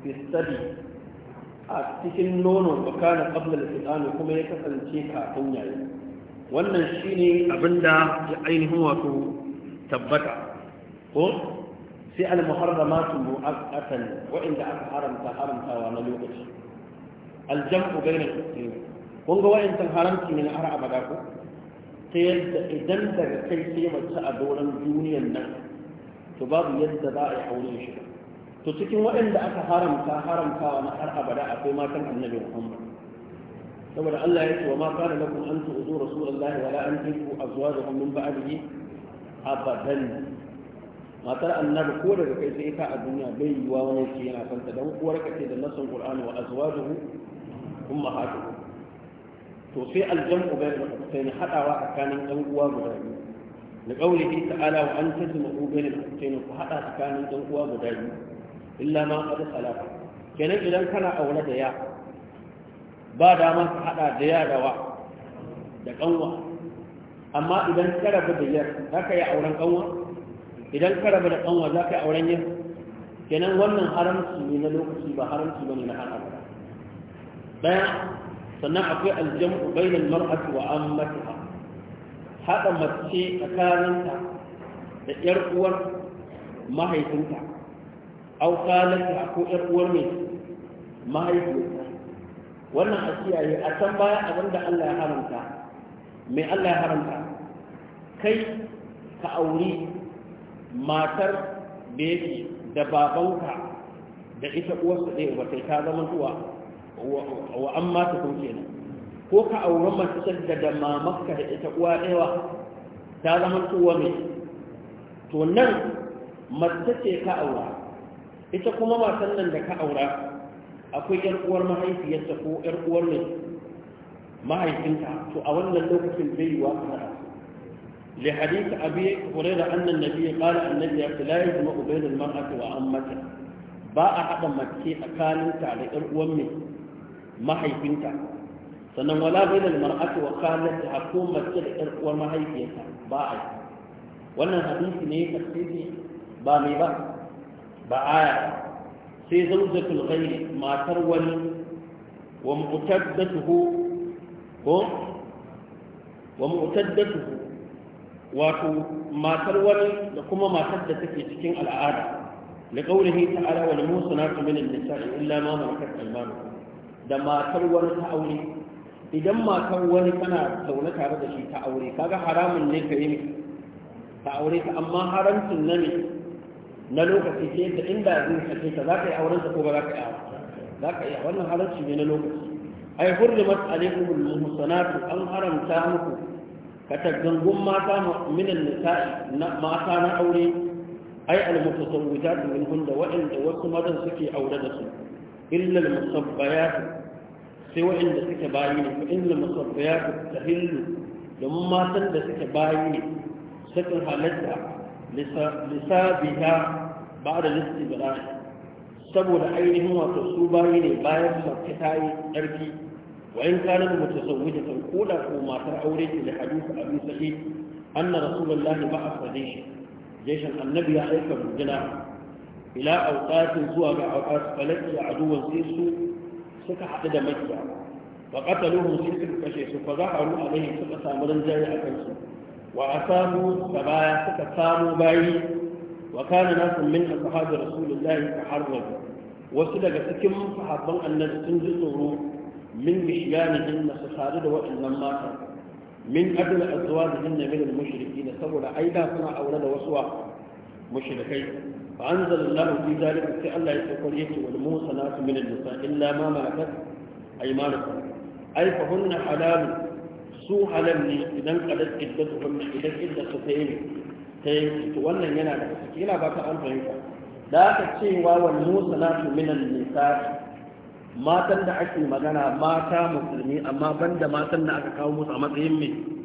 fi sadi a cikin nono ba kana qabla al kuma ya kasance kafin yayi wannan shi ne abin da ya ainihin wato tabbata ko sai al-muharramatu mu'aqqatan wa'inda aka haramta haramtawa na lokaci al-jam'u bayna al-muslimin kun ga wa'in haramci ne na har abada ko ta yadda idan daga kai sai mace a doron duniyar nan to babu yadda za a yi aure shi to cikin waɗanda aka haramta haramtawa na har abada akwai matan annabi muhammad saboda Allah ya ce wa ma kana lakum an tu'zu rasulullahi wala an tu'zu azwajakum min ba'dihi abadan matar annabi ko daga kai sai ka a duniya bai yiwa wani ce yana kanta dan uwar ka ce da nasan qur'ani wa azwajuhu ummahatuhum to sai aljamu bayan al-husaini hadawa kanin dan uwa guda biyu da qaulihi ta'ala wa an tajma'u bayan al-husaini ku hada tsakanin dan uwa guda biyu illa ma qad salafa kenan idan kana aure da ya ba dama ka hada da ya da wa da kanwa amma idan ka rabu da yar za ka yi auren kanwa idan ka rabu da kanwa za ka yi auren yar kenan wannan haramci ne na lokaci ba haramci ba ne na ba. abada sannan akwai aljam'u bainal mar'ati wa ammatiha hada mace tsakaninta da yar uwar mahaifinta aw ko yar uwar ne mahaifinta wannan a kiyaye a san baya abinda Allah ya haramta mai Allah ya haramta kai ka auri matar da yake da babanka da ita uwarsa ɗaya ba sai ta zama zuwa wa amma ta kun kenan ko ka aure mace da da mamakka da ita uwa ɗaya ta zama tuwa mai to nan mace ce ka aura ita kuma matan nan da ka aura akwai yar uwar mahaifiyarta ko yar uwar ne mahaifinta to a wannan lokacin zai yiwa kana li hadith abi hurairah anna an-nabiy qala an-nabiy la yajma'u bayna al-mar'ati wa ammatiha ba a hada mace tsakaninta da yar uwar mai mahaifinta sannan wala bainal mar'ati wa khalati hakko mace da ƴar mahaifiyata mahaifiyarta ba a wannan hadisi ne tafsiri ba mai ba ba aya sai zawjatul ghayr matar wani wa mu'taddatuhu ko wa mu'taddatuhu wato matar wani da kuma matar da take cikin al'ada لقوله تعالى والموصنات من النساء إلا ما ملكت أيمانكم da matar wani ta aure idan matar wani tana zaune tare da shi ta aure kaga haramun ne ka yi ta aure ta amma haramcin na ne na lokaci ce da inda zai sake ta za ka yi auren ta ko ba za ka yi za ka yi a wannan haramci ne na lokaci ai hurrimat alaikumul muhsanatu an haramta muku kataggangun mata minan nisa'i mata na aure ai almutasawwijat minhun hunda waɗanda wasu madan suke aure da su illa almusabbayat sai waɗanda suke bayi ne fa inna musabbayatu tahillu domin matan da suke bayi ne sukan halatta lissabiya ba da listibra saboda ainihin wato su bayi ne bayan mace ta yi tsarki wa in kana da mace zawuje kan koda ko matar aure ce da hadisi abu sahih anna rasulullahi ba a fadishi jeshin annabi ya aika rujuna ila auqatin zuwa ga auqat falaki aduwan sai su suka haɗu da makiya wa qataluhum suka kashe su fa zaharu alaihim suka samu rinjaye a kansu wa da baya suka samu bayi wa kana nasu min ashabi rasulillahi taharrabu wasu daga cikin sahabban annabi sun ji tsoro min mishyanihim na su sadu da waɗannan mata min adla azwajihin na min mushriki na saboda aida suna aure da wasu mushrikai فأنزل الله في ذلك في الله يقول يكي والموصنات من النساء إلا ما ملكت أيمانكم أي فهن حلال su halal ne idan kadar idda su kuma idan idda su ta yi ta yi to wannan yana da ciki yana baka an fahimta da aka cewa wal musanatu minan nisa matan da ake magana mata musulmi amma banda matan da aka kawo musu a matsayin mai